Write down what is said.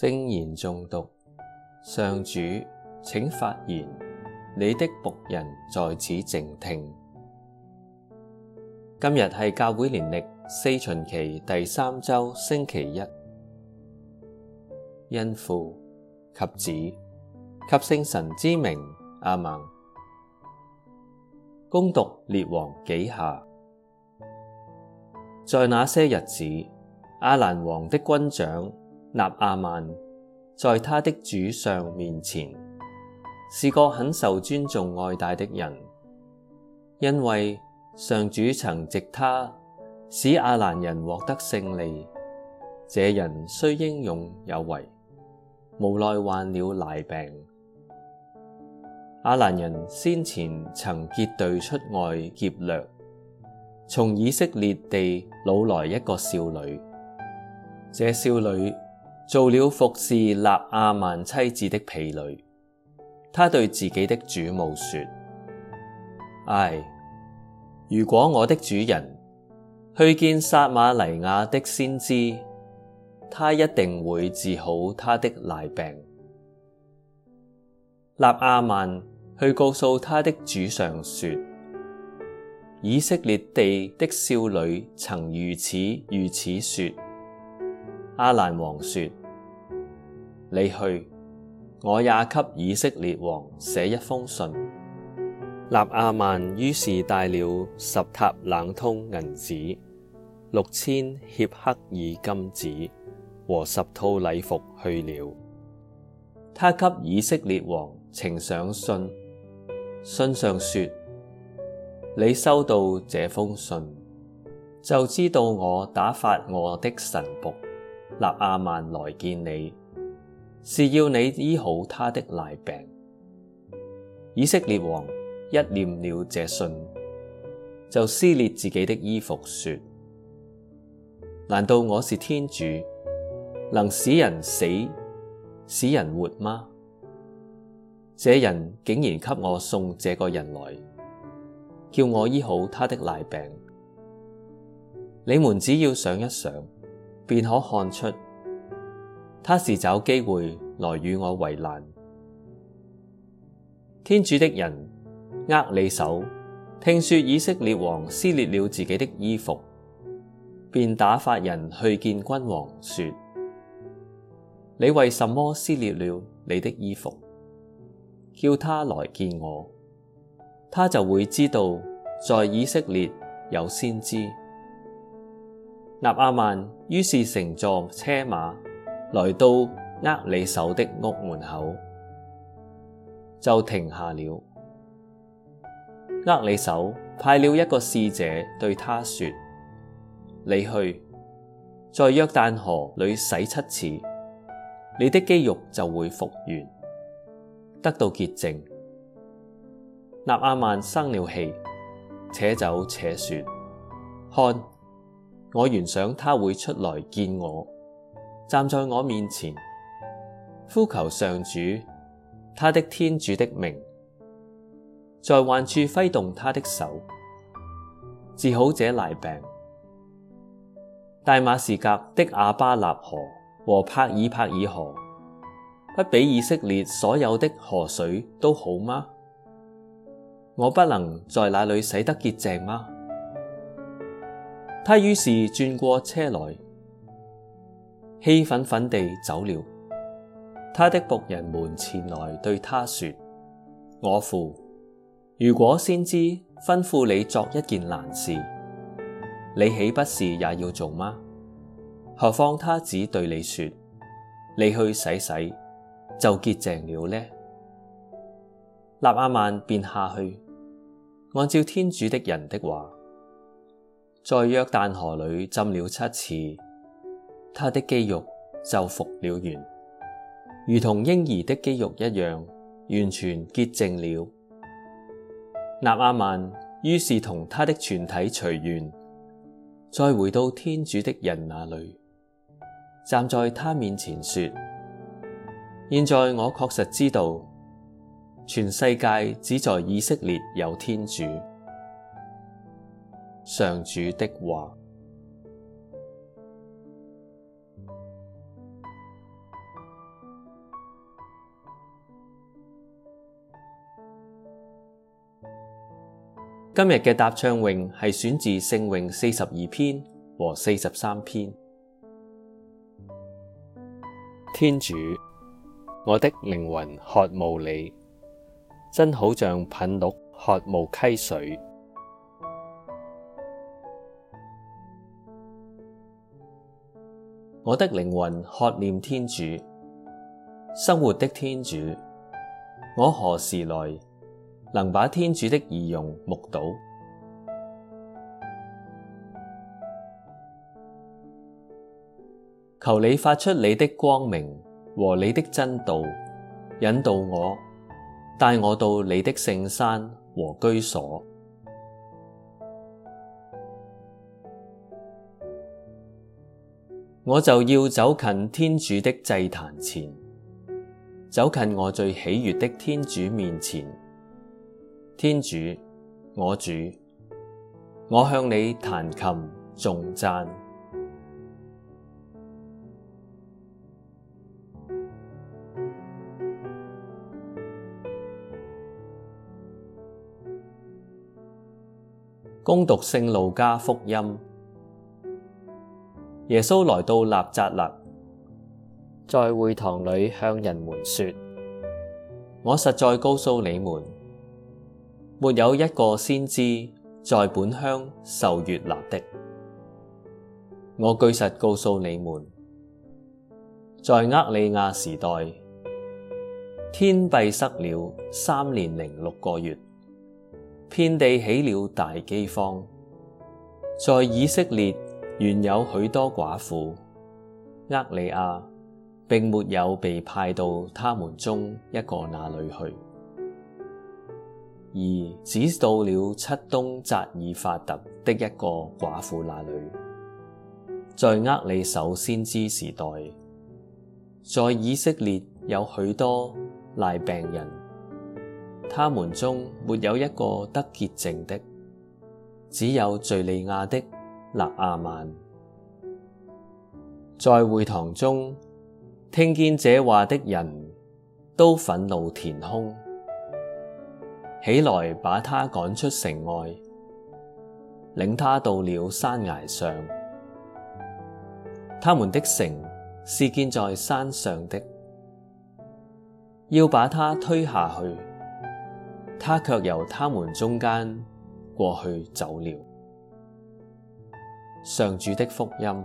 聖言誦讀，上主，請發言，你的僕人在此靜聽。今日係教會年曆四旬期第三周星期一，因父及子及聖神之名，阿孟，恭讀列王紀下，在那些日子，阿蘭王的軍長。納阿曼在他的主上面前，是個很受尊重愛戴的人，因為上主曾藉他使阿蘭人獲得勝利。這人雖英勇有為，無奈患了癩病。阿蘭人先前曾結隊出外劫掠，從以色列地擄來一個少女。這少女。做了服侍納阿曼妻子的婢女，他對自己的主母說：唉，如果我的主人去見撒瑪黎雅的先知，他一定會治好他的癩病。納阿曼去告訴他的主上說：以色列地的少女曾如此如此說。阿蘭王說。你去，我也給以色列王寫一封信。納阿曼於是帶了十塔冷通銀子、六千協刻耳金子和十套禮服去了。他給以色列王呈上信，信上說：你收到這封信，就知道我打發我的臣僕納阿曼來見你。是要你醫好他的癩病。以色列王一念了這信，就撕裂自己的衣服，說：難道我是天主，能使人死，使人活嗎？這人竟然給我送這個人來，叫我醫好他的癩病。你們只要想一想，便可看出。他是找機會來與我為難。天主的人厄里叟，聽說以色列王撕裂了自己的衣服，便打發人去見君王，說：你為什麼撕裂了你的衣服？叫他來見我，他就會知道在以色列有先知。納阿曼於是乘坐車馬。來到厄里叟的屋門口，就停下了。厄里叟派了一個使者對他說：你去在約旦河裡洗七次，你的肌肉就會復原，得到潔淨。納阿曼生了氣，且走且說：看，我原想他會出來見我。站在我面前，呼求上主他的天主的名，在患處揮動他的手，治好這癩病。大馬士革的阿巴納河和帕爾帕爾河，不比以色列所有的河水都好嗎？我不能在那裡洗得潔淨嗎？他於是轉過車來。氣憤憤地走了。他的僕人們前來對他說：我父，如果先知吩咐你作一件難事，你豈不是也要做嗎？何況他只對你說：你去洗洗就潔淨了呢？納阿曼便下去，按照天主的人的話，在約旦河裏浸了七次。他的肌肉就復了原，如同嬰兒的肌肉一樣，完全潔淨了。納阿曼於是同他的全體隨員，再回到天主的人那裡，站在他面前說：現在我確實知道，全世界只在以色列有天主，上主的話。今日嘅答唱詠，係選自聖詠四十二篇和四十三篇。天主，我的靈魂渴慕你，真好像牝鹿渴慕溪水。我的靈魂渴念天主，生活的天主，我何時來，能把天主的儀容目睹？求你發出你的光明和你的真道，引導我，帶我到你的聖山和居所，我就要走近天主的祭壇前，走近我最喜悅的天主面前。天主，我主，我向你彈琴頌讚。恭讀聖路加福音，耶穌來到納匝肋，在會堂裏向人們說：我實在告訴你們。沒有一個先知在本鄉受悅納的。我據實告訴你們，在厄里亞時代，天閉塞了三年零六個月，遍地起了大饑荒。在以色列原有許多寡婦，厄里亞並沒有被派到他們中一個那裏去。而只到了漆冬匝爾法特的一個寡婦那裏，在厄里叟先知時代，在以色列有許多癩病人，他們中沒有一個得潔淨的，只有敘利亞的納阿曼。在會堂中聽見這話的人都忿怒填胸。起來，把他趕出城外，領他到了山崖上。他們的城是建在山上的，要把他推下去，他卻由他們中間過去走了。上主的福音。